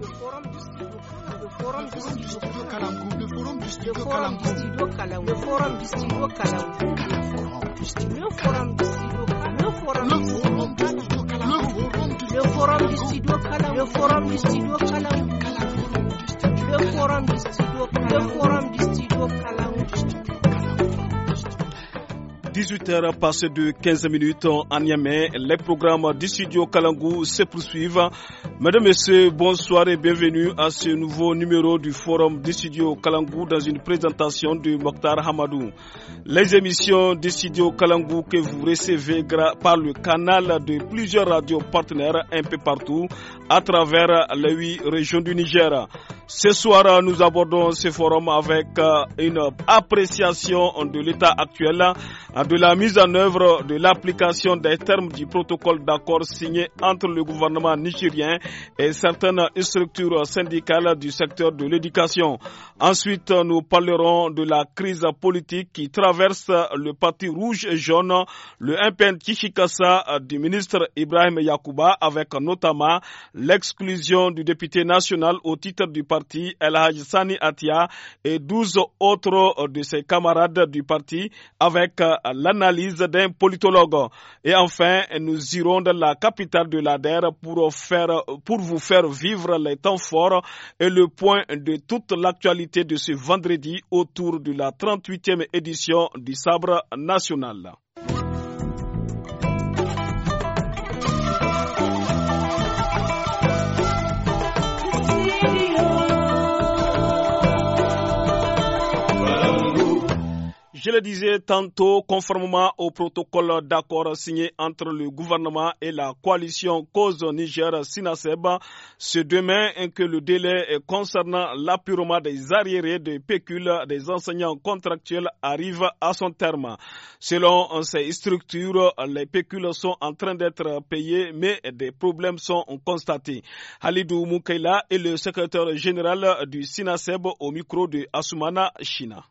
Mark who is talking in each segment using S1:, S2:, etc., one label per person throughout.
S1: le forum du studio le forum le forum du studio le forum du studio le forum du studio le forum le forum du studio le forum le forum le forum
S2: 18h passé de 15 minutes en Niamey, les programmes du studio Kalangou se poursuivent. Mesdames, Messieurs, bonsoir et bienvenue à ce nouveau numéro du Forum des studios Kalangou dans une présentation de Mokhtar Hamadou. Les émissions des studios Kalangou que vous recevez par le canal de plusieurs radios partenaires un peu partout à travers les huit régions du Niger. Ce soir, nous abordons ce forum avec euh, une appréciation de l'état actuel, de la mise en œuvre de l'application des termes du protocole d'accord signé entre le gouvernement nigérien et certaines structures syndicales du secteur de l'éducation. Ensuite, nous parlerons de la crise politique qui traverse le parti rouge et jaune, le MPN Kishikasa du ministre Ibrahim Yakuba, avec notamment l'exclusion du député national au titre du parti El Haj Sani Atia et 12 autres de ses camarades du parti avec l'analyse d'un politologue. Et enfin, nous irons dans la capitale de l'ADER pour faire pour vous faire vivre les temps forts et le point de toute l'actualité de ce vendredi autour de la 38e édition du Sabre national. Je le disais tantôt, conformément au protocole d'accord signé entre le gouvernement et la coalition Cause Niger-Sinaseb, c'est demain que le délai concernant l'appurement des arriérés de pécules des enseignants contractuels arrive à son terme. Selon ces structures, les pécules sont en train d'être payées, mais des problèmes sont constatés. Halidou Moukaila est le secrétaire général du Sinaseb au micro de Asumana China.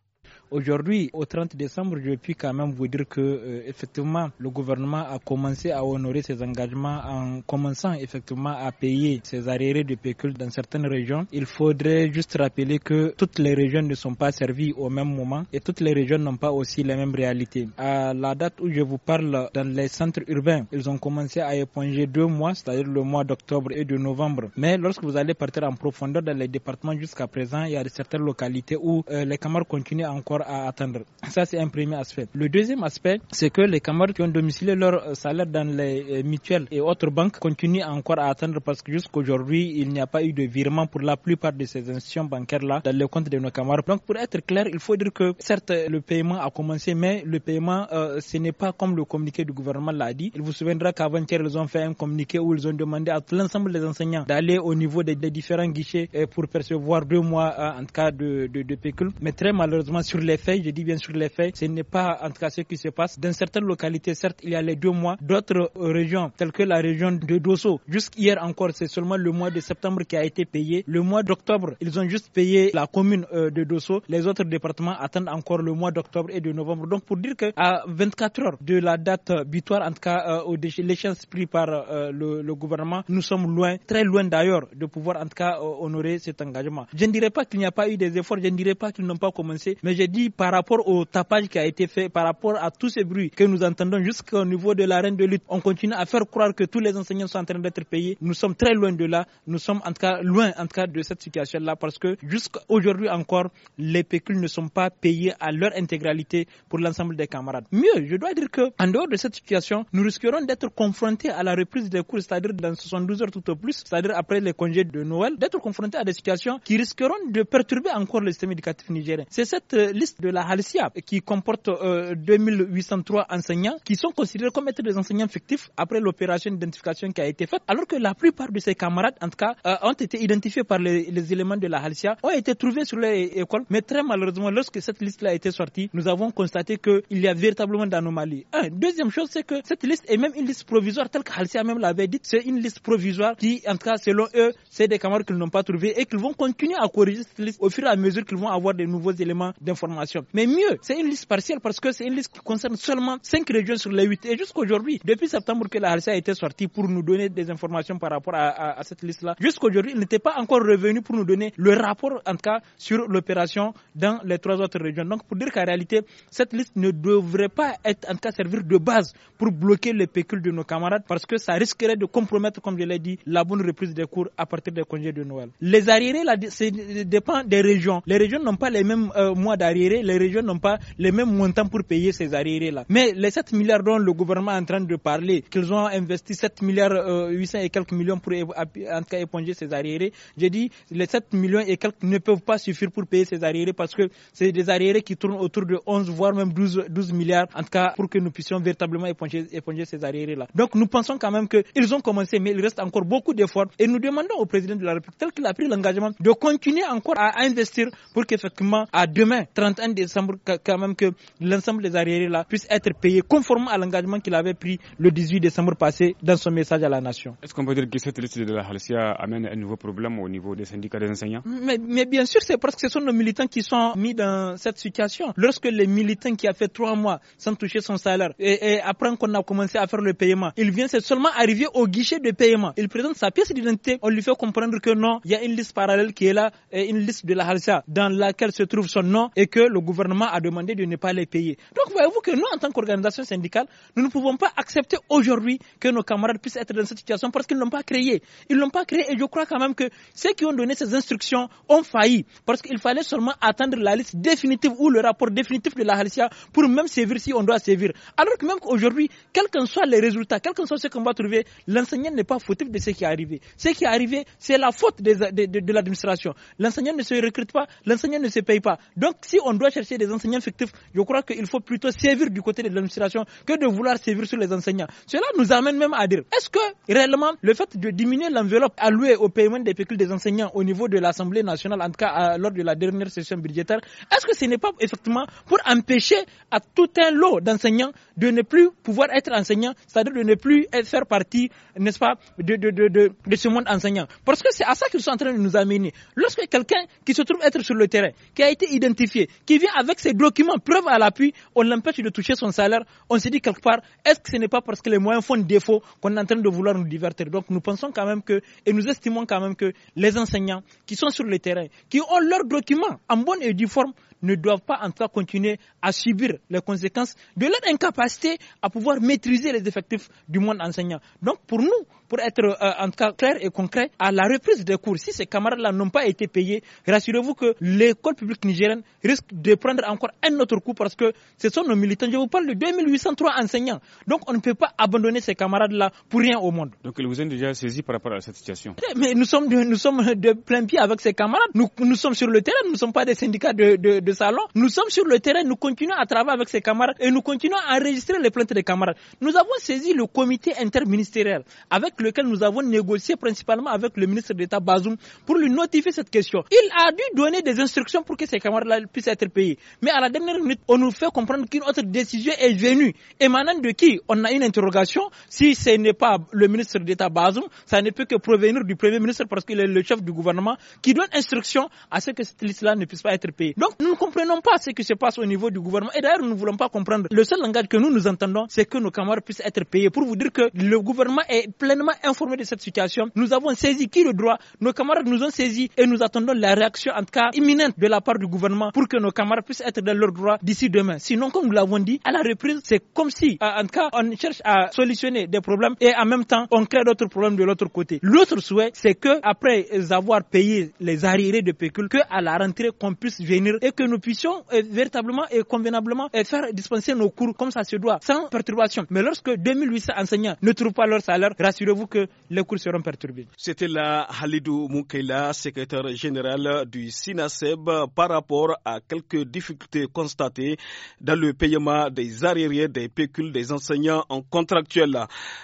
S1: Aujourd'hui, au 30 décembre, je puis quand même vous dire que euh, effectivement, le gouvernement a commencé à honorer ses engagements en commençant effectivement à payer ses arriérés de pécule dans certaines régions. Il faudrait juste rappeler que toutes les régions ne sont pas servies au même moment et toutes les régions n'ont pas aussi les mêmes réalités. À la date où je vous parle, dans les centres urbains, ils ont commencé à éponger deux mois, c'est-à-dire le mois d'octobre et de novembre. Mais lorsque vous allez partir en profondeur dans les départements jusqu'à présent, il y a certaines localités où euh, les camarades continuent encore à attendre. Ça, c'est un premier aspect. Le deuxième aspect, c'est que les camarades qui ont domicilié leur euh, salaire dans les euh, mutuelles et autres banques continuent encore à attendre parce que jusqu'aujourd'hui, il n'y a pas eu de virement pour la plupart de ces institutions bancaires-là dans les comptes de nos camarades. Donc, pour être clair, il faut dire que certes, le paiement a commencé, mais le paiement, euh, ce n'est pas comme le communiqué du gouvernement l'a dit. Il vous souviendra qu'avant-hier, ils ont fait un communiqué où ils ont demandé à l'ensemble des enseignants d'aller au niveau des, différents guichets pour percevoir deux mois, en en cas de, de, de pécule. Mais très malheureusement, sur les faits, je dis bien sûr les faits, ce n'est pas en tout cas ce qui se passe. Dans certaines localités, certes, il y a les deux mois, d'autres euh, régions, telles que la région de Dosso, jusqu'hier encore, c'est seulement le mois de septembre qui a été payé. Le mois d'octobre, ils ont juste payé la commune euh, de Dosso. Les autres départements attendent encore le mois d'octobre et de novembre. Donc pour dire que à 24 heures de la date butoir, en tout cas euh, au l'échéance prise par le, gouvernement, nous sommes loin, très loin d'ailleurs, de pouvoir en tout cas honorer cet engagement. Je ne dirais pas qu'il n'y a pas eu des efforts, je ne dirais pas qu'ils n'ont pas commencé, mais j'ai dit par rapport au tapage qui a été fait, par rapport à tous ces bruits que nous entendons jusqu'au niveau de l'arène de lutte, on continue à faire croire que tous les enseignants sont en train d'être payés. Nous sommes très loin de là. Nous sommes en tout cas loin en tout cas de cette situation-là parce que jusqu'à aujourd'hui encore, les pécules ne sont pas payés à leur intégralité pour l'ensemble des camarades. Mieux, je dois dire que en dehors de cette situation, nous risquerons d'être confrontés à la reprise des cours, c'est-à-dire dans 72 heures tout au plus, c'est-à-dire après les congés de Noël, d'être confrontés à des situations qui risqueront de perturber encore le système éducatif nigérien. C'est cette euh, liste de la Halcia qui comporte 2803 euh, enseignants qui sont considérés comme être des enseignants fictifs après l'opération d'identification qui a été faite, alors que la plupart de ces camarades, en tout cas, euh, ont été identifiés par les, éléments de la Halcia, ont été trouvés sur les écoles. Mais très malheureusement, lorsque cette liste-là a été sortie, nous avons constaté qu'il y a véritablement d'anomalies. Un, deuxième chose, c'est que cette liste est même une liste provisoire, telle que Halcia même l'avait dit. C'est une liste provisoire qui, en tout cas, selon eux, c'est des camarades qu'ils n'ont pas trouvés et qu'ils vont continuer à corriger cette liste au fur et à mesure qu'ils vont avoir de nouveaux éléments d'information. Mais mieux, c'est une liste partielle parce que c'est une liste qui concerne seulement 5 régions sur les 8. Et jusqu'aujourd'hui, depuis septembre que la RCA a été sortie pour nous donner des informations par rapport à, cette liste-là, jusqu'aujourd'hui, il n'était pas encore revenu pour nous donner le rapport, en tout cas, sur l'opération dans les trois autres régions. Donc, pour dire qu'en réalité, cette liste ne devrait pas être, en tout cas, servir de base pour bloquer les pécules de nos camarades parce que ça risquerait de compromettre, comme je l'ai dit, la bonne reprise des cours à partir des congés de Noël. Les arriérés, là, dépend des régions. Les régions n'ont pas les mêmes euh, mois d'arriérés les régions n'ont pas les mêmes montants pour payer ces arriérés-là. Mais les 7 milliards dont le gouvernement est en train de parler, qu'ils ont investi 7 milliards 800 euh, et quelques millions pour en tout cas, éponger ces arriérés, j'ai dit les 7 millions et quelques ne peuvent pas suffire pour payer ces arriérés parce que c'est des arriérés qui tournent autour de 11 voire même 12, 12 milliards en tout cas pour que nous puissions véritablement éponger, ces arriérés-là. Donc nous pensons quand même qu'ils ont commencé mais il reste encore beaucoup d'efforts et nous demandons au président de la République tel qu'il a pris l'engagement de continuer encore à investir pour qu'effectivement à demain 30 1 décembre quand même que l'ensemble des arriérés là puissent être payés conformément à l'engagement qu'il avait pris le 18
S3: décembre passé dans son message à la nation. Est-ce qu'on peut dire que cette liste de la Halcia amène un nouveau problème au niveau des syndicats des enseignants
S1: mais, bien sûr, c'est parce que ce sont nos militants qui sont mis dans cette situation. Lorsque les militants qui a fait trois mois sans toucher son salaire et, après qu'on a commencé à faire le paiement, il vient seulement arriver au guichet de paiement. Il présente sa pièce d'identité, on lui fait comprendre que non, il y a une liste parallèle qui est là, une liste de la Halcia dans laquelle se trouve son nom et que le gouvernement a demandé de ne pas les payer. Donc voyez-vous que nous, en tant qu'organisation syndicale, nous ne pouvons pas accepter aujourd'hui que nos camarades puissent être dans cette situation parce qu'ils ne l'ont pas créé. Ils ne l'ont pas créé et je crois quand même que ceux qui ont donné ces instructions ont failli parce qu'il fallait seulement attendre la liste définitive ou le rapport définitif de la Halicia pour même sévir si on doit sévir. Alors que même qu'aujourd'hui, quels que soient les résultats, quels que soient ceux qu'on va trouver, l'enseignant n'est pas fautif de ce qui est arrivé. Ce qui est arrivé, c'est la faute de, l'administration. L'enseignant ne se recrute pas, l'enseignant ne se paye pas. Donc si on doit chercher des enseignants fictifs, je crois qu'il faut plutôt servir du côté de l'administration que de vouloir servir sur les enseignants. Cela nous amène même à dire, est-ce que réellement le fait de diminuer l'enveloppe allouée au paiement des pécules des enseignants au niveau de l'Assemblée nationale, en tout cas lors de la dernière session budgétaire, est-ce que ce n'est pas effectivement pour empêcher à tout un lot d'enseignants de ne plus pouvoir être enseignants, c'est-à-dire de ne plus faire partie, n'est-ce pas, de, de, ce monde enseignant Parce que c'est à ça qu'ils sont en train de nous amener. Lorsque quelqu'un qui se trouve être sur le terrain, qui a été identifié, qui vient avec ses documents, preuve à l'appui, on l'empêche de toucher son salaire. On se dit quelque part, est-ce que ce n'est pas parce que les moyens font défaut qu'on est en train de vouloir nous divertir Donc nous pensons quand même que, et nous estimons quand même que les enseignants qui sont sur le terrain, qui ont leurs documents en bonne et due forme, ne doivent pas en tout cas continuer à subir les conséquences de leur incapacité à pouvoir maîtriser les effectifs du monde enseignant. Donc pour nous, pour être euh, en tout cas clair et concret, à la reprise des cours, si ces camarades-là n'ont pas été payés, rassurez-vous que l'école publique nigérienne risque de prendre encore un autre coup parce que ce sont nos militants. Je vous parle de 2803 enseignants. Donc on ne peut pas abandonner ces camarades-là pour rien au monde.
S3: Donc ils vous ont déjà saisi par rapport à cette situation
S1: Mais nous sommes de, nous sommes de plein pied avec ces camarades. Nous, sommes sur le terrain, nous ne sommes pas des syndicats de de salon. Nous sommes sur le terrain, nous continuons à travailler avec ces camarades et nous continuons à enregistrer les plaintes des camarades. Nous avons saisi le comité interministériel avec lequel nous avons négocié principalement avec le ministre d'État Bazoum pour lui notifier cette question. Il a dû donner des instructions pour que ces camarades-là puissent être payés. Mais à la dernière minute, on nous fait comprendre qu'une autre décision est venue émanant de qui On a une interrogation. Si ce n'est pas le ministre d'État Bazoum, ça ne peut que provenir du Premier ministre parce qu'il est le chef du gouvernement qui donne instruction à ce que cette liste-là ne puisse pas être payée. Donc nous comprenons pas ce qui se passe au niveau du gouvernement. Et d'ailleurs, nous ne voulons pas comprendre. Le seul langage que nous nous entendons, c'est que nos camarades puissent être payés. Pour vous dire que le gouvernement est pleinement informé de cette situation. Nous avons saisi qui le droit. Nos camarades nous ont saisi et nous attendons la réaction, en tout cas imminente, de la part du gouvernement pour que nos camarades puissent être dans leur droit d'ici demain. Sinon, comme nous l'avons dit, à la reprise, c'est comme si, euh, en tout cas, on cherche à solutionner des problèmes et en même temps, on crée d'autres problèmes de l'autre côté. L'autre souhait, c'est que après avoir payé les arriérés de pécule, que à la rentrée, qu'on puisse venir et que nous puissions euh, véritablement et convenablement euh, faire dispenser nos cours comme ça se doit, sans perturbation. Mais lorsque 2800 enseignants ne trouvent pas leur salaire, rassurez-vous que les cours seront perturbés.
S2: C'était la Halidou Moukela, secrétaire général du SINASEB, par rapport à quelques difficultés constatées dans le paiement des arriérés des pécules des enseignants en contractuel.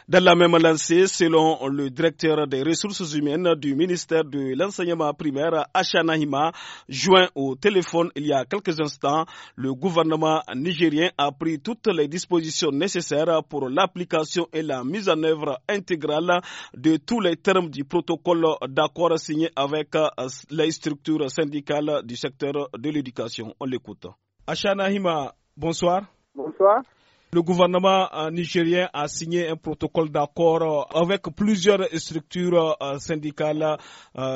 S2: Dans la même lancée, selon le directeur des ressources humaines du ministère de l'enseignement primaire, Hima joint au téléphone il y a il y a quelques instants, le gouvernement nigérien a pris toutes les dispositions nécessaires pour l'application et la mise en œuvre intégrale de tous les termes du protocole d'accord signé avec euh, les structures syndicales du secteur de l'éducation. On l'écoute. Achana bonsoir. Bonsoir. Le gouvernement euh, nigérien a signé un protocole d'accord euh, avec plusieurs structures euh, syndicales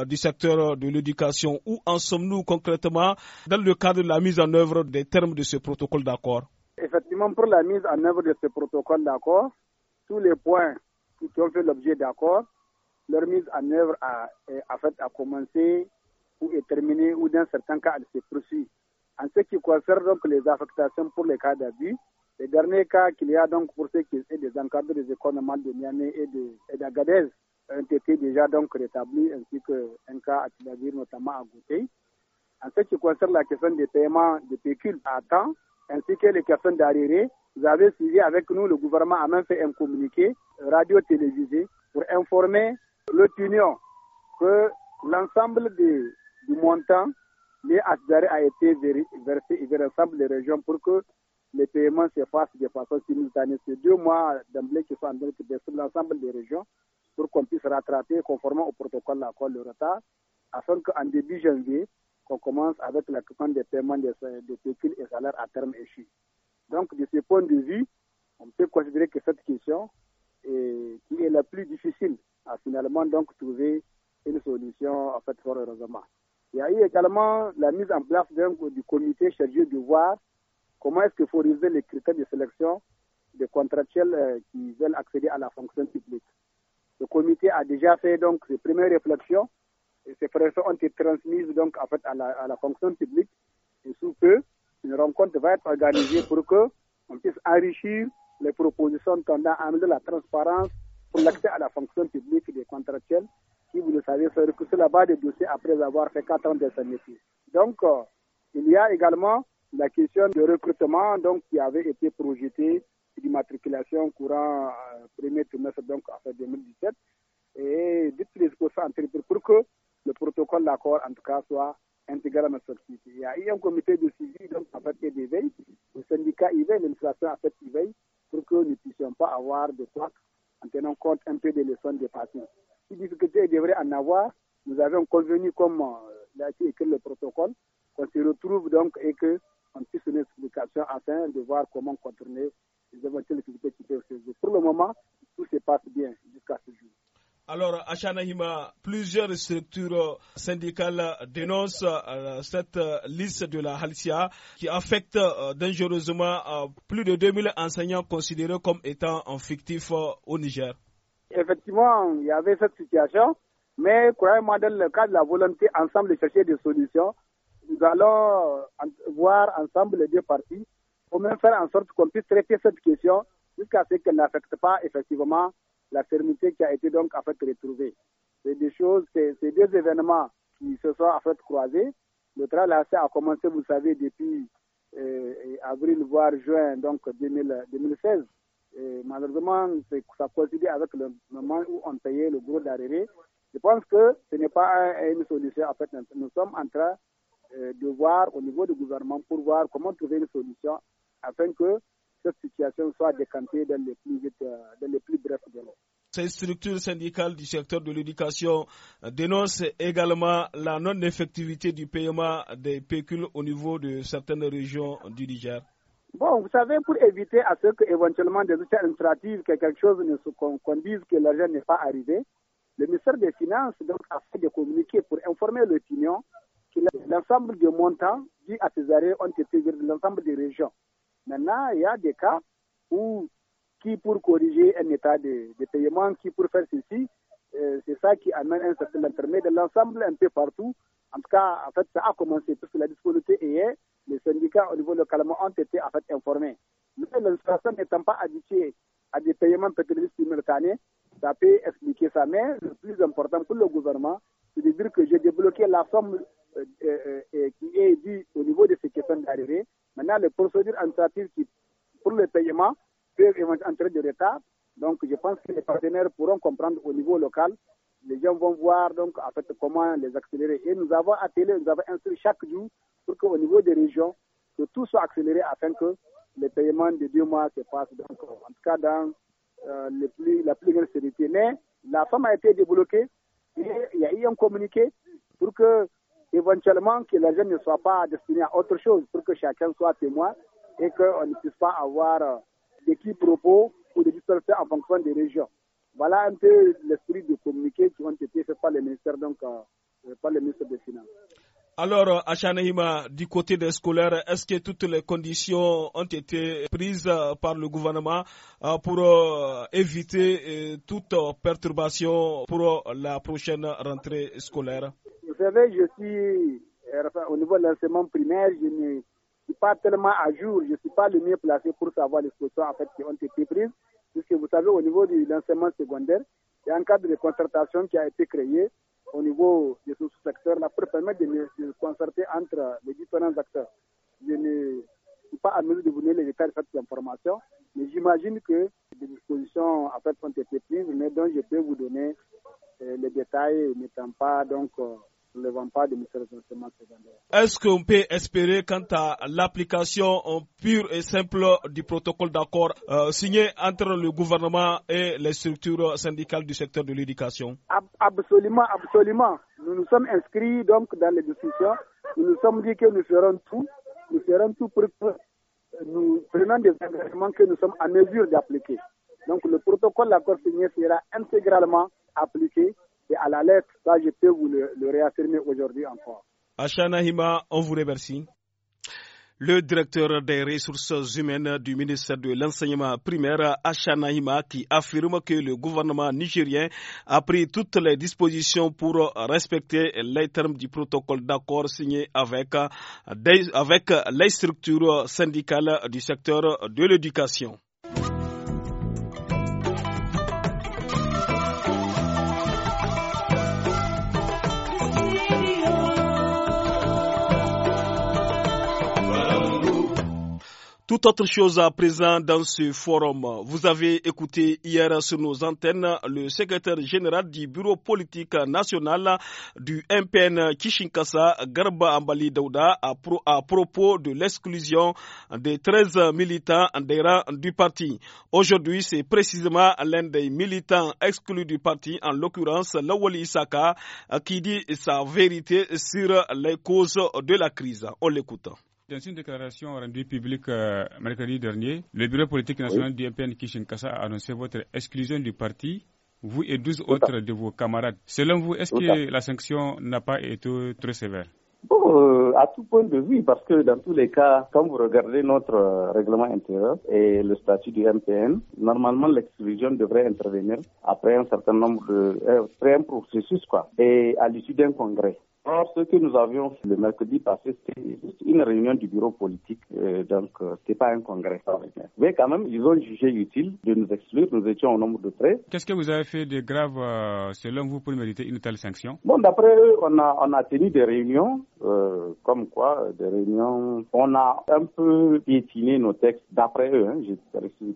S2: du secteur de l'éducation. Où en sommes-nous concrètement dans le cadre de la mise en œuvre des termes de ce protocole d'accord
S4: Effectivement, pour la mise en œuvre de ce protocole d'accord, tous les points qui ont fait l'objet d'accord, leur mise en œuvre a, fait, commencé ou est terminée ou dans certains cas elle se poursuit. En ce qui concerne donc les affectations pour les cas d'abus, le dernier cas qu'il y a donc pour ceux qui étaient des encadres des économies de Niamey et d'Agadez ont été déjà donc rétablis, ainsi qu'un cas à Tidavir, notamment à Goutey. En ce qui concerne la question des paiements de pécules à temps, ainsi que les questions d'arriérés, vous avez suivi avec nous, le gouvernement a même fait un communiqué radio-télévisé pour informer l'opinion que l'ensemble du montant, des arriérés a été versé vers l'ensemble des régions pour que les paiements s'effacent de façon simultanée. C'est deux mois d'emblée qui sont en train de sur l'ensemble des régions pour qu'on puisse rattraper conformément au protocole d'accord de retard, afin qu'en début janvier, qu'on commence avec la des paiements des, des et salaires à terme échu. Donc, de ce point de vue, on peut considérer que cette question est, qui est la plus difficile à finalement donc trouver une solution, en fait, fort heureusement. Il y a eu également la mise en place du comité chargé de voir Comment est-ce qu'il faut réviser les critères de sélection des contractuels euh, qui veulent accéder à la fonction publique Le comité a déjà fait donc ses premières réflexions. Et ces réflexions ont été transmises donc fait à la, fonction publique. Et sous peu, une rencontre va être organisée pour que on puisse enrichir les propositions tendant à améliorer la transparence pour l'accès à la fonction publique des contractuels qui, vous le savez, se recrutent là-bas des dossiers après avoir fait 4 ans de sa Donc, euh, il y a également la question de recrutement, donc, qui avait été projetée d'immatriculation courant euh, premier trimestre, donc en 2017, et d'utiliser les ça pour que le protocole d'accord, en tout cas, soit intégré à notre société. Il y a eu un comité de suivi, donc, en fait, et le syndicat y veille, l'administration, en fait, y veille, pour que nous ne puissions pas avoir de quoi en tenant compte un peu des leçons des patients. Si difficulté devrait en avoir, nous avons convenu, comme euh, l'a écrit le protocole, qu'on se retrouve donc et que on puisse une explication afin de voir comment contourner les éventuelles difficultés qui peuvent se jouer. Pour le moment, tout se passe bien jusqu'à ce jour.
S2: Alors, à plusieurs structures syndicales dénoncent euh, cette liste de la Halcia qui affecte euh, dangereusement euh, plus de 2000 enseignants considérés comme étant en fictif au Niger.
S4: Effectivement, il y avait cette situation, mais croyez-moi, dans le cadre de la volonté ensemble de chercher des solutions, nous allons voir ensemble les deux parties pour même faire en sorte qu'on puisse traiter cette question jusqu'à ce qu'elle n'affecte pas effectivement la fermeté qui a été donc en fait retrouvée. C'est des choses, c'est deux événements qui se sont en fait croisés. Le travail a commencé, vous savez, depuis euh, avril voire juin donc 2016. malheureusement, ça coïncidait avec le moment où on payait le gros d'arrivée. Je pense que ce n'est pas une solution. En fait, nous sommes en train euh, de voir au niveau du gouvernement pour voir comment trouver une solution afin que cette situation soit décantée dans les plus, vite, euh, dans les plus brefs délais.
S2: Ces structures syndicales du secteur de l'éducation dénoncent également la non-effectivité du paiement des pécules au niveau de certaines régions du Niger.
S4: Bon, vous savez, pour éviter à ce qu'éventuellement des outils administratifs, que quelque chose ne se conduise, que l'argent n'est pas arrivé, le ministère des Finances donc, a fait des communiqués pour informer l'opinion l'ensemble des montants dit à ces arrêts ont été de l'ensemble des régions. Maintenant, il y a des cas où, qui pour corriger un état de, paiement, qui pour faire ceci, euh, c'est ça qui amène un certain intermède de l'ensemble un peu partout. En tout cas, en fait, ça a commencé parce que la disponibilité est, les syndicats au niveau localement ont été en fait informés. Mais l'administration n'étant pas habituée à des paiements pétroliers simultanés, ça peut expliquer ça. Mais le plus important pour le gouvernement, c'est-à-dire que j'ai débloqué la somme euh, euh, euh, qui est due au niveau de ce qui est d'arriver. Maintenant, les procédures administratives pour le paiement peuvent entrer de retard. Donc, je pense que les partenaires pourront comprendre au niveau local. Les gens vont voir donc en fait comment les accélérer. Et nous avons appelé, nous avons inscrit chaque jour pour qu'au niveau des régions, que tout soit accéléré afin que le paiement de deux mois se passe. Donc, en tout cas, dans le plus, la plus grande sécurité. Mais la somme a été débloquée il y a eu un communiqué pour que, éventuellement, que les jeunes ne soient pas destinés à autre chose, pour que chacun soit témoin et qu'on ne puisse pas avoir euh, des qui propos ou des distorsions en fonction des régions. Voilà un peu l'esprit du communiqué qui ont été fait par le ministère, donc, euh, par le ministre des Finances.
S2: Alors, euh, Achanahima, du côté des scolaires, est-ce que toutes les conditions ont été prises euh, par le gouvernement euh, pour éviter toute perturbation pour la prochaine rentrée scolaire
S4: Vous savez, je suis au niveau de l'enseignement primaire, je ne suis pas tellement à jour, je ne suis pas le mieux placé pour savoir les solutions en fait, qui ont été prises, puisque vous savez, au niveau de l'enseignement secondaire, il y a un cadre de concertation qui a été créé au niveau de ce secteur-là pour permettre de, de concerter entre les différents acteurs. Je ne suis pas à nous de vous donner les détails de cette information, mais j'imagine que des dispositions à faire sont été mais dont je peux vous donner euh, les détails n'étant pas donc. Euh, pas
S2: Est-ce qu'on peut espérer quant à l'application pure et simple du protocole d'accord euh, signé entre le gouvernement et les structures syndicales du secteur de l'éducation
S4: Absolument, absolument. Nous nous sommes inscrits donc dans les discussions. Nous nous sommes dit que nous ferons tout, nous ferons tout pour que nous prenions des engagements que nous sommes en mesure d'appliquer. Donc le protocole d'accord signé sera intégralement appliqué et à la lettre. Ça, je peux vous le, réaffirmer aujourd'hui encore.
S2: Achana Hima, on vous remercie. Le directeur des ressources humaines du ministère de l'enseignement primaire, Hima, qui affirme que le gouvernement nigérien a pris toutes les dispositions pour respecter les termes du protocole d'accord signé avec, avec les structures syndicales du secteur de l'éducation. Toute autre chose à présent dans ce forum. Vous avez écouté hier sur nos antennes le secrétaire général du bureau politique national du MPN Kishinkasa, Garba Ambali Dauda, à, propos de l'exclusion des 13 militants du parti. Aujourd'hui, c'est précisément l'un des militants exclus du parti, en l'occurrence Lawali Isaka, qui dit sa vérité sur les causes de la crise. On l'écoute.
S3: Dans une déclaration rendue publique euh, mercredi dernier, le Bureau politique national du MPN Kassa a annoncé votre exclusion du parti, vous et 12 autres de vos camarades. Selon vous, est-ce que la sanction n'a pas été très sévère
S5: Bon, euh, à tout point de vue, parce que dans tous les cas, quand vous regardez notre euh, règlement intérieur et le statut du MPN, normalement l'exclusion devrait intervenir après un certain nombre de, après un processus quoi, et à l'issue d'un congrès. Alors, ce que nous avions le mercredi passé, c'était une réunion du bureau politique, euh, donc euh, c'était pas un congrès Mais quand même, ils ont jugé utile de nous exclure, nous
S3: étions au nombre de 13. Qu'est-ce que vous avez fait de grave, euh, selon vous, pour mériter une telle sanction
S5: Bon, d'après eux, on a, on a tenu des réunions, comme quoi,
S3: des réunions, on a
S5: un peu piétiné nos textes, d'après eux, hein,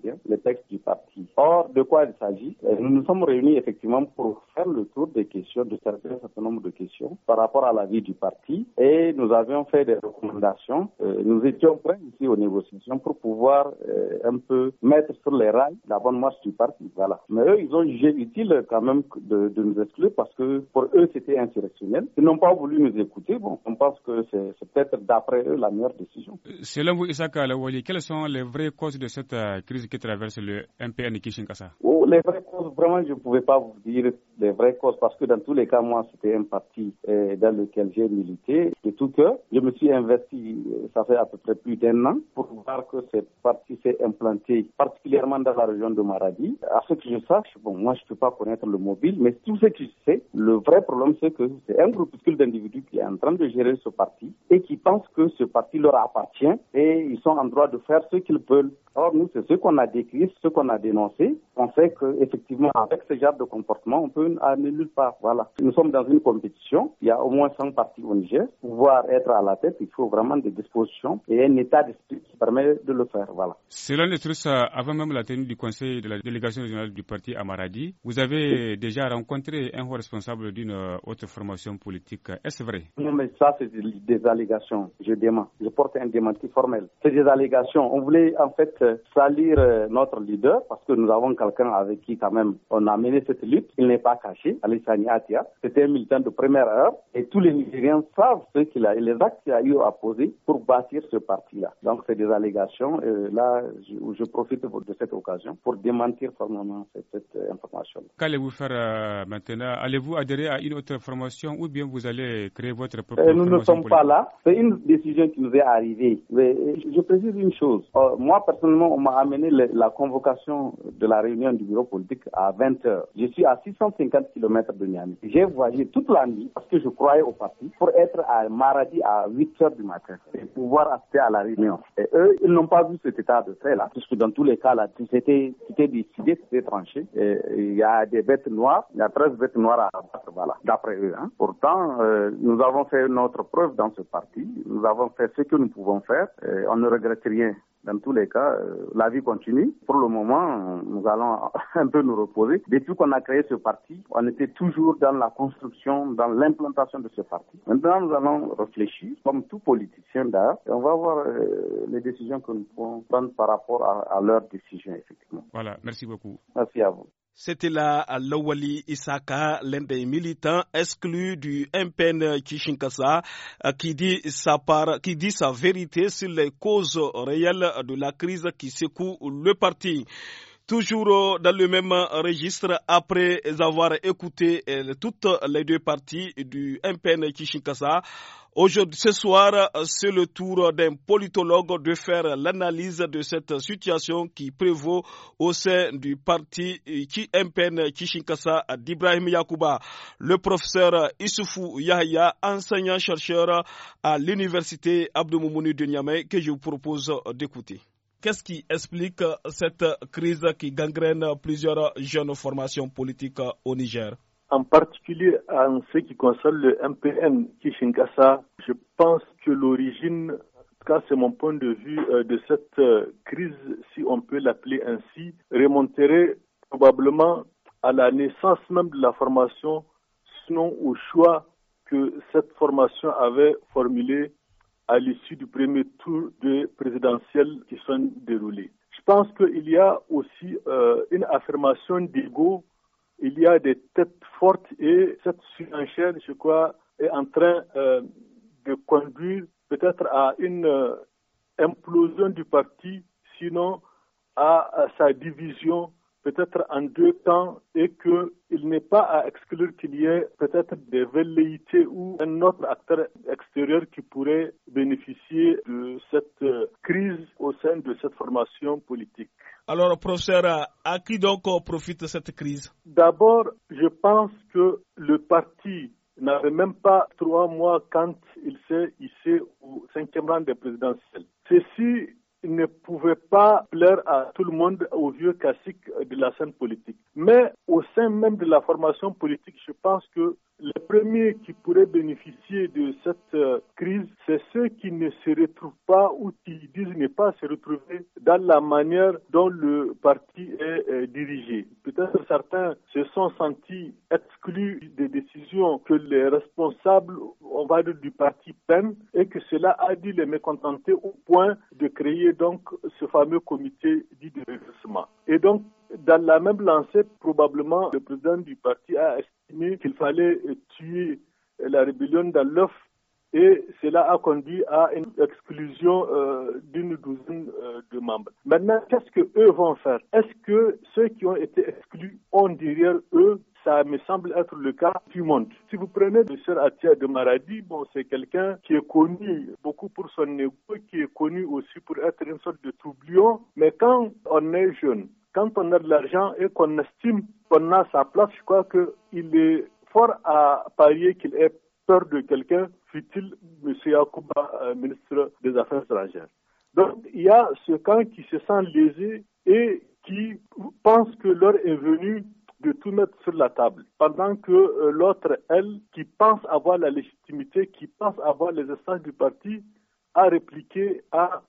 S5: bien, les textes du parti. Or, de quoi il s'agit Nous nous sommes réunis effectivement pour faire le tour des questions, de certains certain nombre de questions par rapport à la vie du parti et nous avions fait des recommandations. Euh, nous étions prêts ici aux négociations pour pouvoir euh, un peu mettre sur les rails la bonne marche du parti. Voilà. Mais eux, ils ont jugé utile quand même de, nous exclure parce que pour eux, c'était insurrectionnel. Ils n'ont pas voulu nous écouter. Bon, on pense que c'est peut-être d'après eux la meilleure décision.
S3: Euh, selon vous, Isaka quelles sont les vraies causes de cette crise qui traverse le MPN Kishinkasa
S5: oh, Les vraies causes, vraiment, je ne pouvais pas vous dire les vraies causes parce que dans tous les cas, moi, c'était un parti dans lequel j'ai milité, et tout que je me suis investi, euh, ça fait à peu près plus d'un an, pour voir que ce parti s'est implanté particulièrement dans la région de Maradi. À ce que je sache, bon, moi je ne peux pas connaître le mobile, mais tout ce que je sais, le vrai problème c'est que c'est un groupuscule d'individus qui est en train de gérer ce parti et qui pense que ce parti leur appartient et ils sont en droit de faire ce qu'ils veulent. Or, nous, c'est ce qu'on a décrit, ce qu'on a dénoncé. On sait qu'effectivement, avec ce genre de comportement, on peut aller nulle part. Voilà. Nous sommes dans une compétition. Il y a moins cinq partis au Niger. pouvoir être à la tête, il faut vraiment des dispositions et un état d'esprit qui permet de le faire. Voilà.
S3: Selon les trucs, avant même la tenue du conseil de la délégation régionale du parti à Maradi, vous avez déjà rencontré un responsable d'une haute euh, formation politique. Est-ce vrai
S5: Non, mais ça, c'est des allégations. Je demande. Je porte un démenti formel. C'est des allégations. On voulait en fait euh, salir euh, notre leader parce que nous avons quelqu'un avec qui quand même on a mené cette lutte. Il n'est pas caché, Alessani Atia. C'était un militant de première heure. Et tous les Nigériens savent ce qu'il a, et les actes qu'il a eu à poser pour bâtir ce parti-là. Donc, c'est des allégations. Et là, je, je, profite de cette occasion pour démentir formellement cette, cette euh, information.
S3: Qu'allez-vous faire euh, maintenant Allez-vous adhérer à une autre formation ou bien vous allez créer votre propre euh, Nous ne sommes pas là.
S5: C'est une décision qui nous est arrivée. je précise une chose. moi, personnellement, on m'a amené la convocation de la réunion du bureau politique à 20h. Je suis à 650 km de Niamey. J'ai voyagé toute la nuit parce que je crois au parti pour être à mardi à 8 heures du matin et pouvoir assister à la réunion. Et eux, ils n'ont pas vu cet état de fait là, puisque dans tous les cas là, c'était décidé, c'était tranché. Il y a des bêtes noires, il y a 13 bêtes noires à abattre, voilà, d'après eux. Hein. Pourtant, euh, nous avons fait notre preuve dans ce parti, nous avons fait ce que nous pouvons faire, on ne regrette rien. Dans tous les cas, euh, la vie continue. Pour le moment, nous allons un peu nous reposer. Depuis qu'on a créé ce parti, on était toujours dans la construction, dans l'implantation de ce parti. Maintenant, nous allons réfléchir, comme tout politicien d'art, et on va voir euh, les décisions que nous pouvons prendre par rapport à, à leurs décisions, effectivement.
S3: Voilà, merci beaucoup.
S5: Merci à vous.
S2: C'était là l'Owali Isaka, l'un des militants exclus du MPN Kishinkasa, euh, qui dit sa qui dit sa vérité sur les causes réelles de la crise qui secoue le parti. Toujours euh, dans le même registre, après avoir écouté euh, toutes les deux parties du MPN Kishinkasa, Aujourd'hui, ce soir, euh, c'est le tour d'un politologue de faire l'analyse de cette situation qui prévaut au sein du parti qui impeine Kishinkasa d'Ibrahim Yakuba. Le professeur Issoufou Yahya, enseignant-chercheur à l'université Abdoumouni de Niamey, que je vous propose d'écouter. Qu'est-ce qui explique cette crise qui gangrène plusieurs jeunes formations politiques au Niger?
S6: en particulier en ce qui concerne le MPN Kishinkasa. Je pense que l'origine, cas c'est mon point de vue, euh, de cette euh, crise, si on peut l'appeler ainsi, remonterait probablement à la naissance même de la formation, sinon au choix que cette formation avait formulé à l'issue du premier tour de présidentiel qui sont déroulés. Je pense qu'il y a aussi euh, une affirmation d'ego il y a des têtes fortes et cette sub-enchaîne, je crois, est en train euh, de conduire peut-être à une euh, implosion du parti, sinon à, à sa division peut-être en deux temps et qu'il n'est pas à exclure qu'il y ait peut-être des velléités ou un autre acteur extérieur qui pourrait bénéficier de cette euh, crise au sein de cette formation politique. Alors, professeur, à qui donc profite cette crise D'abord, je pense que le parti n'avait même pas trois mois quand il s'est hissé au cinquième rang des présidentielles. Ceci ne pouvait pas plaire à tout le monde, au vieux classique de la scène politique. Mais au sein même de la formation politique, je pense que les premier qui pourrait bénéficier de cette euh, crise, c'est ceux qui ne se retrouvent pas ou qui disent ne pas se retrouver dans la manière dont le parti est euh, dirigé. Peut-être certains se sont sentis exclus des décisions que les responsables, on va du parti prennent et que cela a dû les mécontenter au point de créer donc ce fameux comité dit de Et donc, dans la même lancée, probablement, le président du parti a qu'il fallait tuer la rébellion dans l'œuf et cela a conduit à une exclusion euh, d'une douzaine euh, de membres. Maintenant, qu'est-ce que eux vont faire Est-ce que ceux qui ont été exclus ont derrière eux ça me semble être le cas du monde. Si vous prenez le sœur Atia de Maradi, bon, c'est quelqu'un qui est connu beaucoup pour son égo, qui est connu aussi pour être une sorte de troublion. Mais quand on est jeune, quand on a de l'argent et qu'on estime qu'on a sa place, je crois qu'il est fort à parier qu'il ait peur de quelqu'un, fut-il M. Yacouba, euh, ministre des Affaires étrangères. Donc, il y a ce camp qui se sent lésé et qui pense que l'heure est venue de tout mettre sur la table, pendant que euh, l'autre, elle, qui pense avoir la légitimité, qui pense avoir les instances du parti, a répliqué, à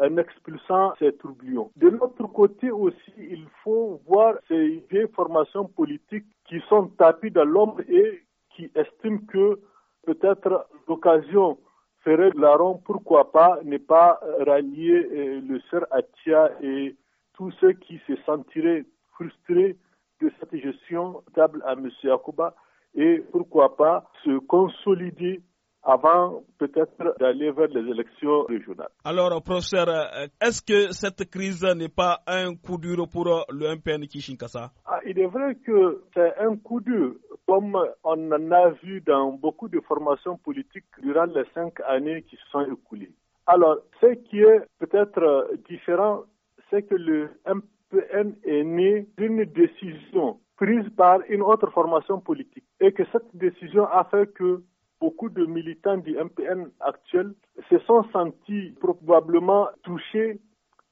S6: en expulsant ces tourbillons. De l'autre côté aussi, il faut voir ces vieilles formations politiques qui sont tapies dans l'ombre et qui estiment que peut-être l'occasion ferait de la ronde, pourquoi pas ne pas rallier euh, le Sœur Atia et tous ceux qui se sentiraient frustrés de cette gestion table à M. Akuba et pourquoi pas se consolider avant peut-être d'aller vers les élections régionales.
S2: Alors, professeur, euh, est-ce que cette crise n'est pas un coup dur pour euh, le MPN Kishinkasa
S6: ah, Il est vrai que c'est un coup dur, comme on en a vu dans beaucoup de formations politiques durant les cinq années qui se sont écoulées. Alors, ce qui est peut-être euh, différent, c'est que le MPN est né d'une décision prise par une autre formation politique et que cette décision a fait que beaucoup de militants du MPN actuel se sont sentis probablement touchés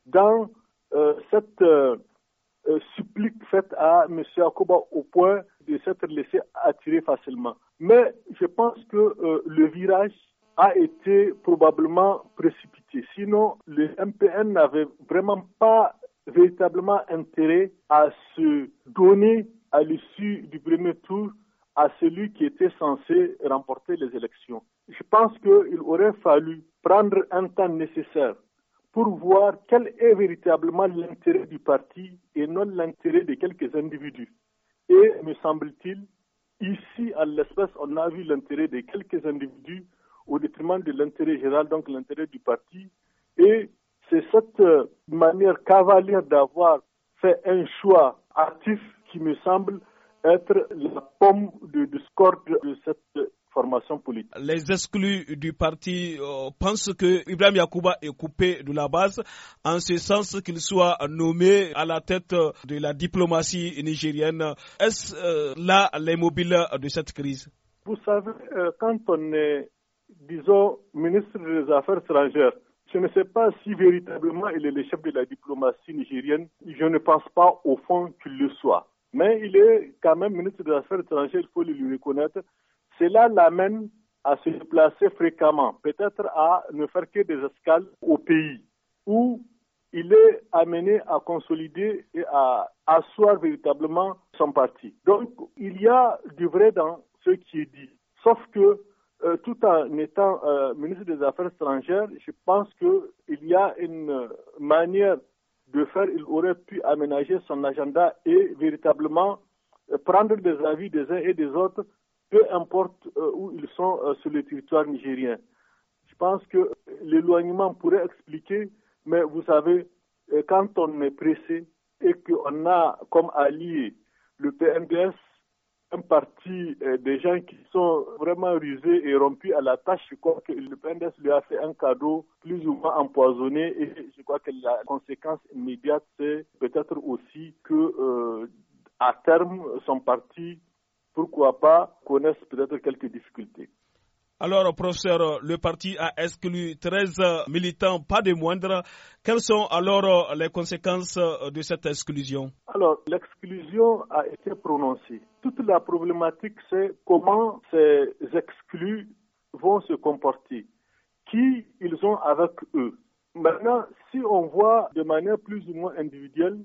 S6: dans euh, cette euh, euh, supplique faite à M. Akoba au point de s'être laissé attirer facilement. Mais je pense que le virage a été probablement précipité. Sinon, le MPN n'avait vraiment pas véritablement intérêt à se donner à l'issue du premier tour à celui qui était censé remporter les élections. Je pense qu'il aurait fallu prendre un temps nécessaire pour voir quel est véritablement l'intérêt du parti et non l'intérêt de quelques individus. Et me semble-t-il, ici, à l'espèce, on a vu l'intérêt de quelques individus au détriment de l'intérêt général, donc l'intérêt du parti. Et c'est cette euh, manière cavalière d'avoir fait un choix actif qui me semble être la pomme de discorde de cette formation
S2: politique. Les exclus du parti euh, pensent que Ibrahim Yakuba est coupé de la base en ce sens qu'il soit nommé à la tête euh, de la diplomatie nigérienne. Est-ce euh, là les de cette crise Vous savez,
S6: quand on est, disons, ministre des Affaires étrangères, je ne sais pas si véritablement il est le chef de la diplomatie nigérienne. Je ne pense pas au fond qu'il le soit mais il est quand même ministre des Affaires étrangères, il faut le lui reconnaître. Cela l'amène à se déplacer fréquemment, peut-être à ne faire que des escales au pays, où il est amené à consolider et à asseoir véritablement son parti. Donc, il y a du vrai dans ce qui est dit, sauf que euh, tout en étant euh, ministre des Affaires étrangères, je pense qu'il y a une euh, manière de faire, il aurait pu aménager son agenda et véritablement euh, prendre des avis des uns et des autres, peu importe euh, où ils sont euh, sur le territoire nigérien. Je pense que l'éloignement pourrait expliquer, mais vous savez, quand on est pressé et qu'on a comme allié le PNDS, un parti euh, des gens qui sont vraiment rusés et rompus à la tâche. Je crois que le PNDS lui a fait un cadeau plus ou moins empoisonné et je crois que la conséquence immédiate, c'est peut-être aussi que euh, à terme, son parti, pourquoi pas, connaisse peut-être quelques difficultés.
S2: Alors, professeur, le parti a exclu 13 militants, pas des moindres. Quelles sont alors euh, les conséquences euh, de cette exclusion Alors, l'exclusion
S6: a été prononcée. Toute la problématique, c'est comment ces exclus vont se comporter, qui ils ont avec eux. Maintenant, si on voit de manière plus ou moins individuelle,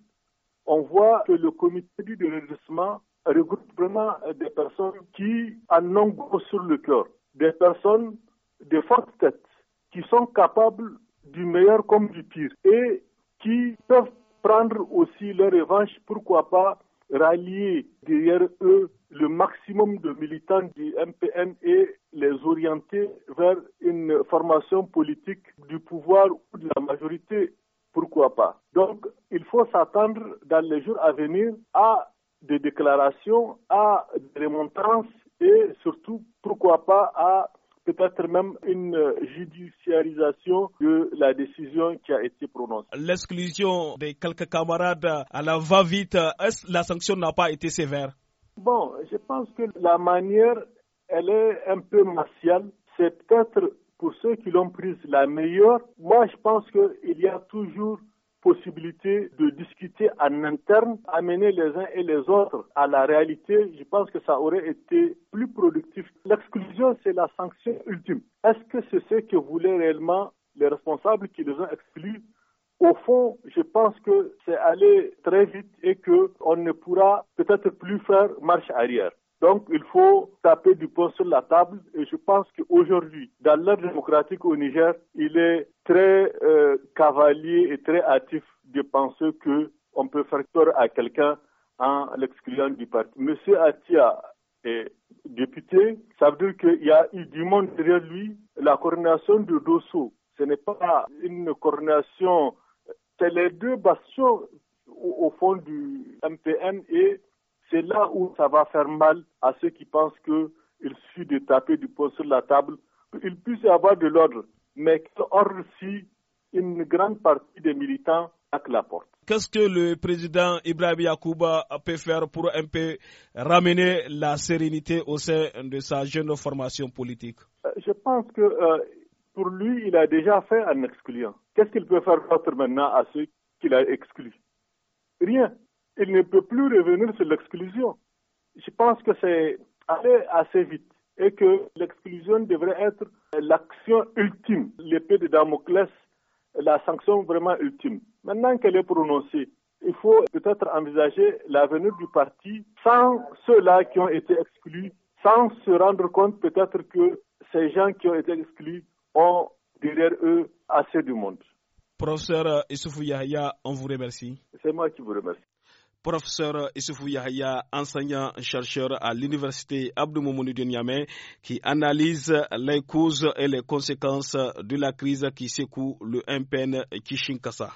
S6: on voit que le comité de redressement regroupe vraiment des personnes qui en ont gros sur le cœur des personnes de forte tête qui sont capables du meilleur comme du pire et qui peuvent prendre aussi leur revanche, pourquoi pas rallier derrière eux le maximum de militants du MPN et les orienter vers une formation politique du pouvoir ou de la majorité, pourquoi pas. Donc, il faut s'attendre dans les jours à venir à des déclarations, à des remontrances et surtout, pourquoi pas, à peut-être même une judiciarisation de la décision qui a
S2: été prononcée. L'exclusion des quelques camarades à la va-vite, est-ce la sanction n'a pas été sévère
S6: Bon, je pense que la manière, elle est un peu martiale. C'est peut-être pour ceux qui l'ont prise la meilleure. Moi, je pense qu'il y a toujours possibilité de discuter en interne, amener les uns et les autres à la réalité, je pense que ça aurait été plus productif. L'exclusion, c'est la sanction ultime. Est-ce que c'est ce que voulaient réellement les responsables qui les ont exclus au fond, je pense que c'est aller très vite et que on ne pourra peut-être plus faire marche arrière. Donc il faut taper du poing sur la table et je pense qu'aujourd'hui, dans l'ordre démocratique au Niger, il est très euh, cavalier et très hâtif de penser que on peut faire peur à quelqu'un en l'excluant du parti. Monsieur Atia, est député, ça veut dire qu'il y a eu du monde derrière lui. La coordination de Dosso, ce n'est pas une coordination, euh, c'est les deux bastions au, au fond du MPN et c'est là où ça va faire mal à ceux qui pensent qu'il suffit de taper du poing sur la table, qu'il puisse y avoir de l'ordre. Mais or si une grande partie des militants à la porte.
S2: Qu'est-ce que le président Ibrahim Yacouba peut faire pour un peu ramener la sérénité au sein de sa jeune formation politique
S6: euh, Je pense que euh, pour lui, il a déjà fait un excluant. Qu'est-ce qu'il peut faire maintenant à ceux qu'il a exclus Rien il ne peut plus revenir sur l'exclusion. Je pense que c'est allé assez vite et que l'exclusion devrait être l'action ultime, l'épée de Damoclès, la sanction vraiment ultime. Maintenant qu'elle est prononcée, il faut peut-être envisager l'avenir du parti sans ceux-là qui ont été exclus, sans se rendre compte peut-être que ces gens qui ont été exclus ont derrière eux assez du monde.
S2: Professeur Issoufou Yahya, on vous remercie. C'est moi qui vous remercie professeur Issoufou Yahya, enseignant-chercheur à l'université Abdou Moumouni de Niamey, qui analyse les causes et les conséquences de la crise qui secoue le MPN Kishinkasa.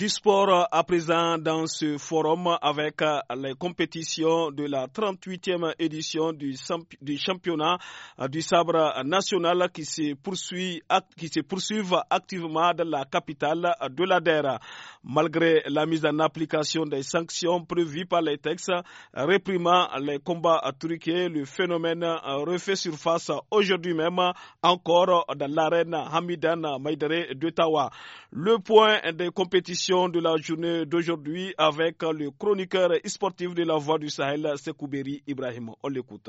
S2: Du sport à présent dans ce forum avec euh, les compétitions de la 38e édition du, championnat euh, du sabre national qui se, poursuit, qui se poursuivent activement dans la capitale de la Dera. Malgré la mise en application des sanctions prévues par les textes réprimant les combats truqués, le phénomène euh, refait surface aujourd'hui même encore dans l'arène Hamidan Maïdere d'Ottawa. Le point des compétitions de la journée d'aujourd'hui avec le chroniqueur sportif de la Voix du Sahel, Sekouberi Ibrahim. On l'écoute.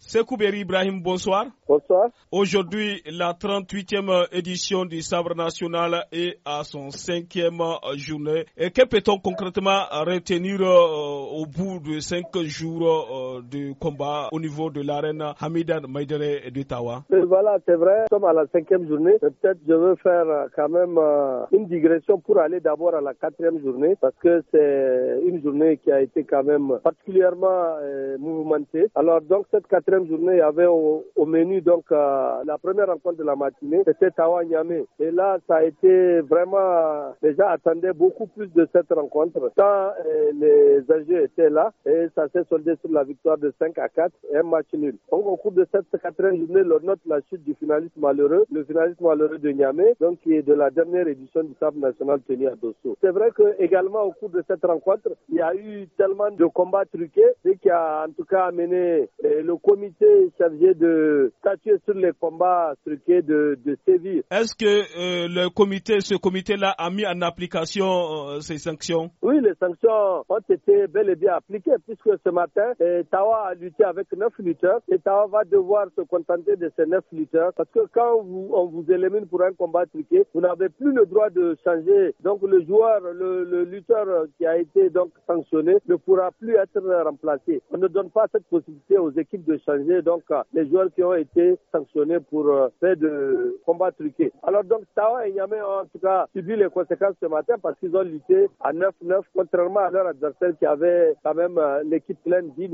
S2: Sekouberi Ibrahim, bonsoir. Bonsoir. Aujourd'hui, la 38e édition du Sabre national est à son cinquième journée. Et que peut-on concrètement retenir euh, au bout de cinq jours euh, de combat au niveau de l'arène Hamida Maïdere d'Ottawa
S4: euh, Voilà, c'est vrai, nous sommes à la cinquième journée. Peut-être je veux faire quand même une digression pour aller d'abord à la quatrième journée parce que c'est une journée qui a été quand même particulièrement mouvementée. Alors donc cette quatrième journée, il y avait au, menu donc euh, la première rencontre de la matinée, c'était Tawa Nyame. Et là, ça a été vraiment, les gens attendaient beaucoup plus de cette rencontre. Tant euh, les enjeux étaient là, et ça s'est soldé sur la victoire de 5 à 4, un match nul. Donc au cours de cette quatrième journée, l'on note la chute du finaliste malheureux, le finaliste malheureux de Niamé, donc qui est de la dernière édition du sable national tenu à Dosso. C'est vrai que également au cours de cette rencontre, il y a eu tellement de combats truqués, Ce qui a en tout cas amené euh, le comité comité chargé de statuer sur les combats truqués de,
S2: Séville. Est-ce que euh, le comité, ce comité-là a mis en application euh, ces sanctions
S4: Oui, les sanctions ont été bel et bien appliquées puisque ce matin, euh, Tawa a lutté avec neuf lutteurs et Tawa va devoir se contenter de ces neuf lutteurs parce que quand on vous élimine pour un combat truqué, vous n'avez plus le droit de changer. Donc le joueur, le, le lutteur qui a été donc sanctionné ne pourra plus être remplacé. On ne donne pas cette possibilité aux équipes de changer donc euh, les joueurs qui ont été sanctionnés pour euh, faire fait de combats truqués. Alors donc Tawa et Niamey ont en tout cas subi les conséquences ce matin parce qu'ils ont lutté à 9-9 contrairement à leur adversaire qui avait quand même euh, l'équipe pleine 10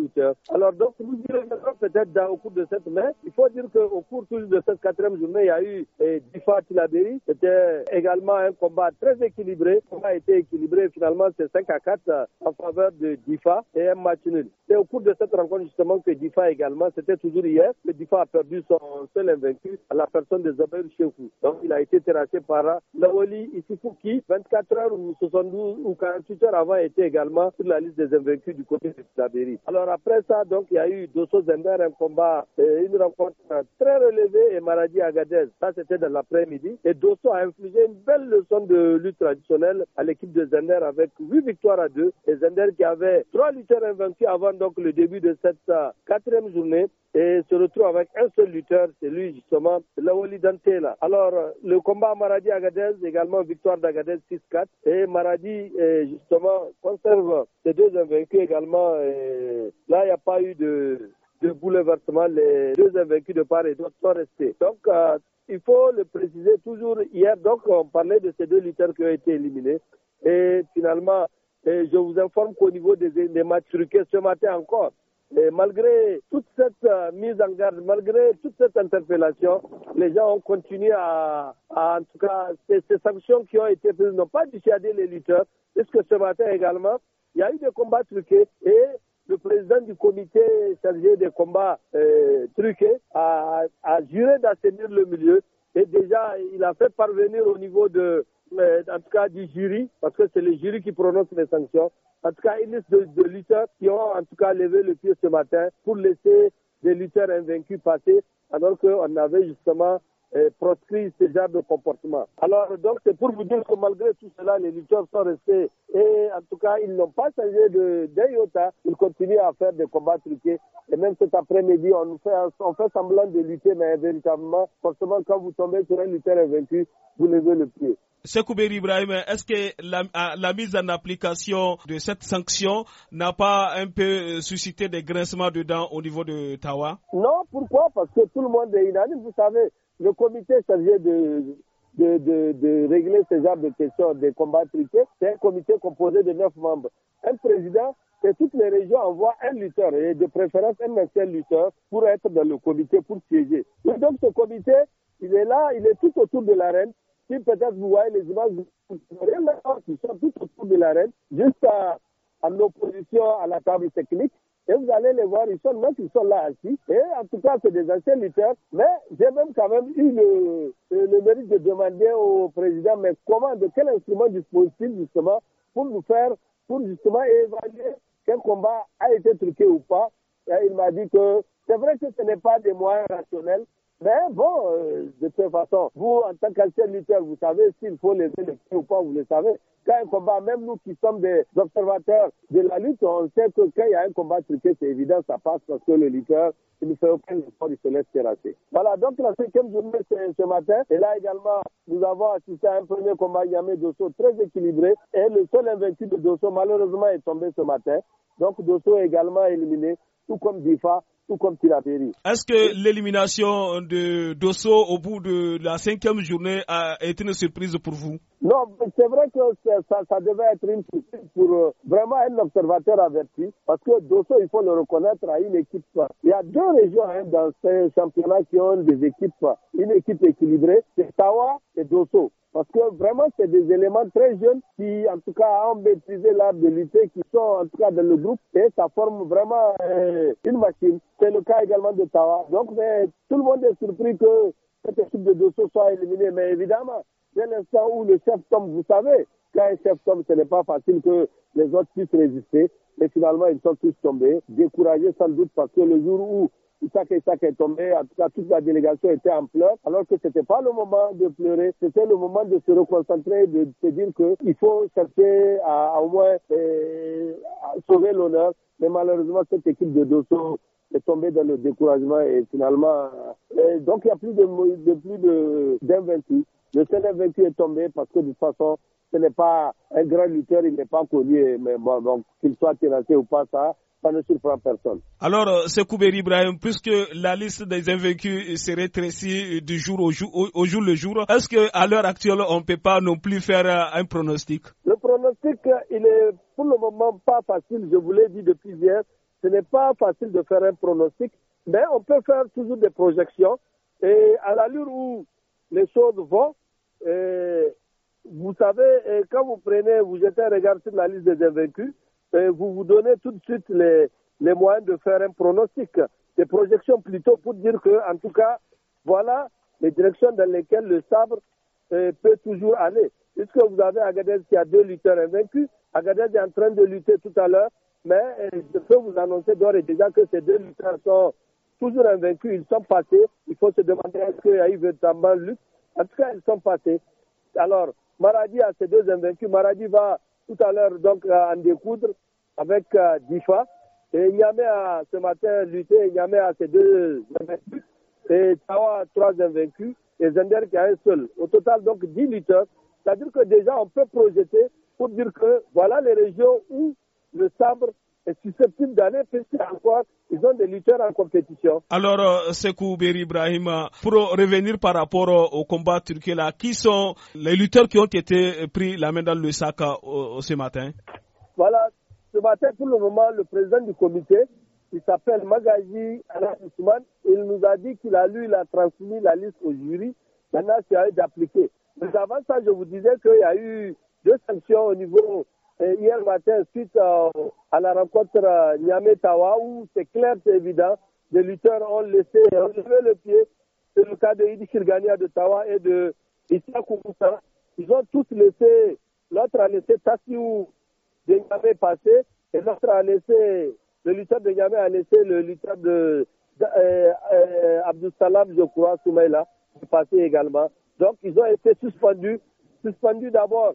S4: Alors donc nous reviendrons peut-être au cours de cette semaine, Il faut dire qu'au cours de cette quatrième journée, il y a eu Difa Tilaberi. C'était également un combat très équilibré. Le combat a été équilibré finalement c'est 5 à 4 en faveur de Difa et un match nul. C'est au cours de cette rencontre justement que Difa également c'était toujours hier. mais DIFA a perdu son seul invaincu à la personne de Zabir Chefou. Donc, il a été terrassé par Laoli Issifou 24 heures ou 72 ou 48 heures avant, était également sur la liste des invaincus du côté de Zabiri. Alors, après ça, donc, il y a eu Dosso Zender, un combat, euh, une rencontre très relevée et maladie à Agadez. Ça, c'était dans l'après-midi. Et Dosso a infligé une belle leçon de lutte traditionnelle à l'équipe de Zender avec 8 victoires à 2. Et Zender qui avait 3 lutteurs invaincus avant donc le début de cette euh, quatrième journée et se retrouve avec un seul lutteur, c'est lui justement, Lawali là. Alors, le combat Maradi-Agadez, également victoire d'Agadez 6-4, et Maradi, eh, justement, conserve ces deux invaincus également. là, il n'y a pas eu de, de bouleversement, les deux invaincus de Paris et d'autre sont restés. Donc, euh, il faut le préciser toujours, hier, donc, on parlait de ces deux lutteurs qui ont été éliminés, et finalement, eh, je vous informe qu'au niveau des, des matchs truqués ce matin encore, et malgré toute cette euh, mise en garde, malgré toute cette interpellation, les gens ont continué à, en tout cas, ces, sanctions qui ont été prises n'ont pas dissuadé les lutteurs, puisque ce matin également, il y a eu des combats truqués et le président du comité chargé des combats euh, truqués a, juré d'assainir le milieu et déjà il a fait parvenir au niveau de, euh, en tout cas du jury, parce que c'est le jury qui prononce les sanctions, en tout cas une liste de, lutteurs qui ont en tout cas levé le pied ce matin pour laisser des lutteurs invaincus passer alors qu'on avait justement proscrit ce genre de comportement. Alors donc c'est pour vous dire que malgré tout cela, les lutteurs sont restés et en tout cas ils n'ont pas changé de d'iota. Ils continuent à faire des combats truqués et même cet après-midi on fait on fait semblant de lutter mais véritablement forcément quand vous tombez sur un lutteur invaincu, vous levez le pied.
S2: Sekouber Ibrahim, est-ce que ah, la, mise en application de cette sanction n'a pas un peu euh, suscité des grincements de dents au niveau de Tawa
S4: Non, pourquoi Parce que tout le monde est inanime, vous savez. Le comité chargé de, régler ces armes de questions, de combats truqués, c'est un comité composé de neuf membres. Un président, et toutes les régions envoient un lutteur, et de préférence un ancien lutteur, pour être dans le comité, pour siéger. donc ce comité, il est là, il est tout autour de l'arène. Si peut-être vous voyez les images, vous voyez qu'ils sont tout autour de l'arène, juste en opposition à la table technique et vous allez les voir, ils sont, même ils sont là assis, et en tout cas, c'est des anciens lutteurs, mais j'ai même quand même eu le, mérite de demander au président, mais comment, de quel instrument dispose-t-il justement pour nous faire, pour justement évaluer quel combat a été truqué ou pas. il m'a dit que c'est vrai que ce n'est pas des moyens rationnels, mais bon, euh, de toute façon, vous, en tant qu'ancien lutteur, vous savez s'il faut lever le pied ou pas, vous le savez. Quand un combat, même nous qui sommes des observateurs de la lutte, on sait que quand il y a un combat truqué, c'est évident, ça passe parce que le lutteur, il ne fait aucun effort, il se laisse terrasser. Voilà, donc la cinquième journée, c'est ce matin. Et là également, nous avons assisté à un premier combat Yamé Dosso très équilibré. Et le seul invaincu de Dosso, malheureusement, est tombé ce matin. Donc Dosso est également éliminé tout comme Difa, tout comme
S2: Est-ce que l'élimination de Dosso au bout de la cinquième journée a été une surprise pour vous
S4: Non, c'est vrai que ça, ça, devait être une surprise pour euh, vraiment un observateur averti, parce que Dosso, il faut le reconnaître, a une équipe. Il y a deux régions hein, dans ce championnat qui ont des équipes, une équipe équilibrée, c'est Tawa et Dosso. Parce que vraiment, c'est des éléments très jeunes qui, en tout cas, ont maîtrisé l'art de lutter, qui sont en tout cas dans le groupe et ça forme vraiment euh, une machine. C'est le cas également de Tawa. Donc, mais, tout le monde est surpris que cette équipe de deux soit éliminée. Mais évidemment, dès l'instant où le chef tombe, vous savez, quand un chef tombe, ce n'est pas facile que les autres puissent résister. Mais finalement, ils sont tous tombés, découragés sans doute parce que le jour où ça qui est tombé. En tout cas, toute la délégation était en pleurs, alors que c'était pas le moment de pleurer. C'était le moment de se reconcentrer, de se dire qu'il faut chercher à, au moins euh, sauver l'honneur. Mais malheureusement, cette équipe de Dosso est tombée dans le découragement et finalement, euh, donc il y a plus de, de plus de Le seul invaincu est tombé parce que de toute façon, ce n'est pas un grand lutteur, il n'est pas connu. Mais bon, qu'il soit terrassé ou pas, ça, ça ne surprend personne.
S2: Alors, euh, Sekouber Ibrahim, puisque la liste des invaincus se rétrécit du jour au jour, au, jour le jour, est-ce qu'à l'heure actuelle, on ne peut pas non plus faire euh, un pronostic Le pronostic, il
S4: est pour le moment pas facile, je vous l'ai dit depuis hier. Ce n'est pas facile de faire un pronostic, mais on peut faire toujours des projections. Et à l'allure où les choses vont, vous savez, quand vous prenez, vous jetez un regard sur la liste des invaincus, vous vous donnez tout de suite les, moyens de faire un pronostic, des projections plutôt pour dire que, en tout cas, voilà les directions dans lesquelles le sabre euh, peut toujours aller. Puisque vous avez Agadez qui a deux lutteurs invaincus, Agadez est en train de lutter tout à l'heure, mais euh, je peux vous annoncer d'ores et déjà que ces deux lutteurs sont toujours invaincus, ils sont passés. Il faut se demander est-ce qu'il y a eu véritablement lutte. En tout cas, ils sont passés. Alors, Maradi a ses deux invaincus. Maradi va tout à l'heure donc en découdre avec euh, Difa. Et y a ce matin lutté, y a ces deux invaincus, et Tawa a trois invaincus, et Zender qui a un seul. Au total, donc 10 lutteurs. C'est-à-dire que déjà, on peut projeter pour dire que voilà les régions où le sabre et susceptible d'aller puisque encore ils ont des lutteurs en
S2: compétition. Alors euh, Sekou Beri Ibrahim, pour revenir par rapport euh, au combat turc là, qui sont les lutteurs qui ont été pris la main dans le sac euh, ce matin
S4: Voilà, ce matin pour le moment le président du comité il s'appelle Magazi Alain Il nous a dit qu'il a lu, il a transmis la liste au jury. Maintenant, c'est à eux d'appliquer. Mais avant ça, je vous disais qu'il y a eu deux sanctions au niveau hier matin suite à la rencontre euh, Niamey-Tawa où c'est clair, c'est évident, les lutteurs ont laissé, ont levé le pied. C'est le cas de Idi Kirgania de Tawa et de Issa Koumoussa. Ils ont tous laissé, l'autre a laissé Tassiou de Niamey passer et l'autre a laissé, le lutteur de Niamey a laissé le lutteur de, euh, euh, Abdou Salam, je crois, Soumaïla, passer également. Donc ils ont été suspendus, suspendus d'abord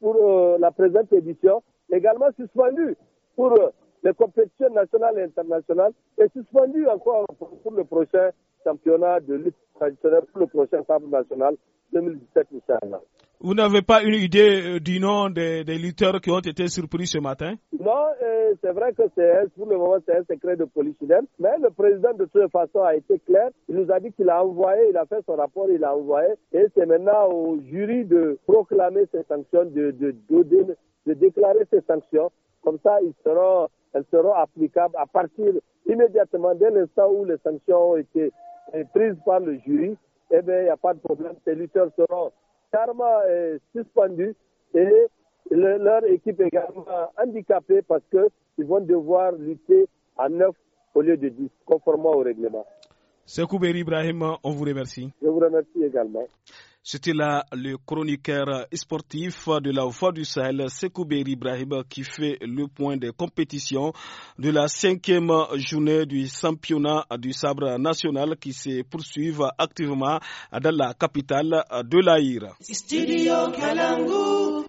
S4: pour euh, la présente édition, également suspendu pour euh, les compétitions nationales et internationales, et suspendu encore pour, le prochain championnat de lutte traditionnelle, pour le prochain fab national 2017 Inch'Allah.
S2: Vous n'avez pas une idée euh, du nom des, des, lutteurs qui ont été surpris ce matin
S4: Non, euh, c'est vrai que c'est pour le moment c'est un secret de polichinelle, mais le président de toute façon a été clair. Il nous a dit qu'il a envoyé, il a fait son rapport, il a envoyé, et c'est maintenant au jury de proclamer ces sanctions, de, de, de, déclarer ces sanctions. Comme ça, ils seront, elles seront applicables à partir immédiatement dès l'instant où les sanctions ont été euh, prises par le jury. Eh bien, il n'y a pas de problème. Ces lutteurs seront Karma est suspendu et leur équipe également handicapée parce qu'ils vont devoir lutter à neuf au lieu de 10, conformément au règlement.
S2: Sekouber Ibrahim, on vous remercie. Je vous remercie également. C'était là le chroniqueur sportif de la Voix du Sahel, Sekouber Ibrahim, qui fait le point des compétitions de la cinquième journée du championnat du sabre national qui se poursuit activement dans la capitale de l'Aïr.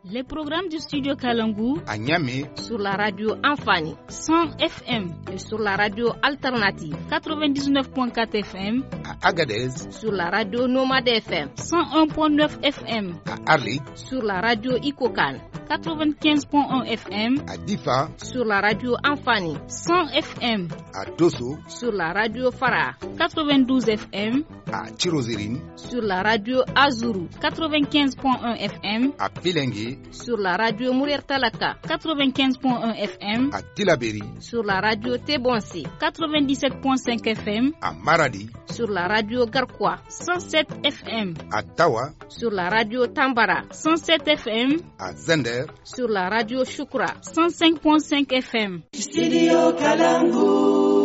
S3: Les programmes du studio Kalangou
S2: à Niamey sur la radio Anfani 100 FM et sur la radio Alternative 99.4 FM
S5: à Agadez sur
S2: la radio Nomade FM 101.9 FM à Arlit sur la radio Icocal 95.1 FM à Difa sur la radio Amphani 100 FM à Dosso sur la radio Farah 92 FM
S5: à Chirozérine
S2: sur la radio Azuru 95.1 FM
S5: à Pilingue
S2: sur la radio Mourir Talaka 95.1 FM à
S3: Tilaberi
S2: sur la radio Tebonsi 97.5 FM à Maradi sur la radio Garkwa 107 FM à Tawa sur la radio Tambara 107 FM
S5: à Zender
S2: sur la radio Shukra 105.5 FM. Studio Kalangu.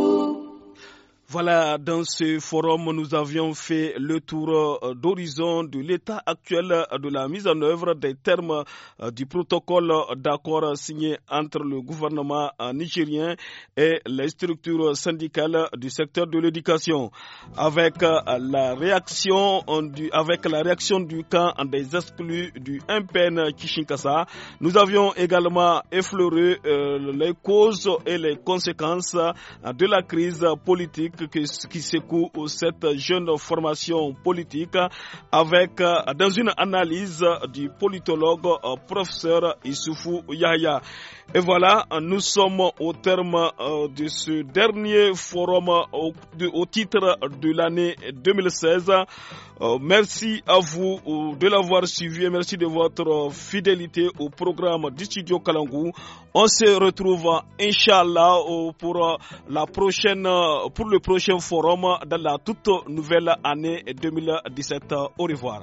S2: Voilà, dans ce forum, nous avions fait le tour euh, d'horizon de l'état actuel euh, de la mise en œuvre des termes euh, du protocole d'accord signé entre le gouvernement nigérien et les structures syndicales du secteur de l'éducation. Avec la réaction du, avec la réaction du camp des exclus du MPN Kishinkasa, nous avions également effleuré les causes et les conséquences de la crise politique qui secoue cette jeune formation politique avec, euh, dans une analyse du politologue euh, professeur Issoufou Yahya. Et voilà, nous sommes au terme euh, de ce dernier forum au titre de l'année 2016. Euh, merci à vous euh, de l'avoir suivi et merci de votre fidélité au programme du studio Kalangou. On se retrouve, Inch'Allah, euh, pour, la prochaine, pour le prochain forum dans la toute nouvelle année 2017. Au revoir.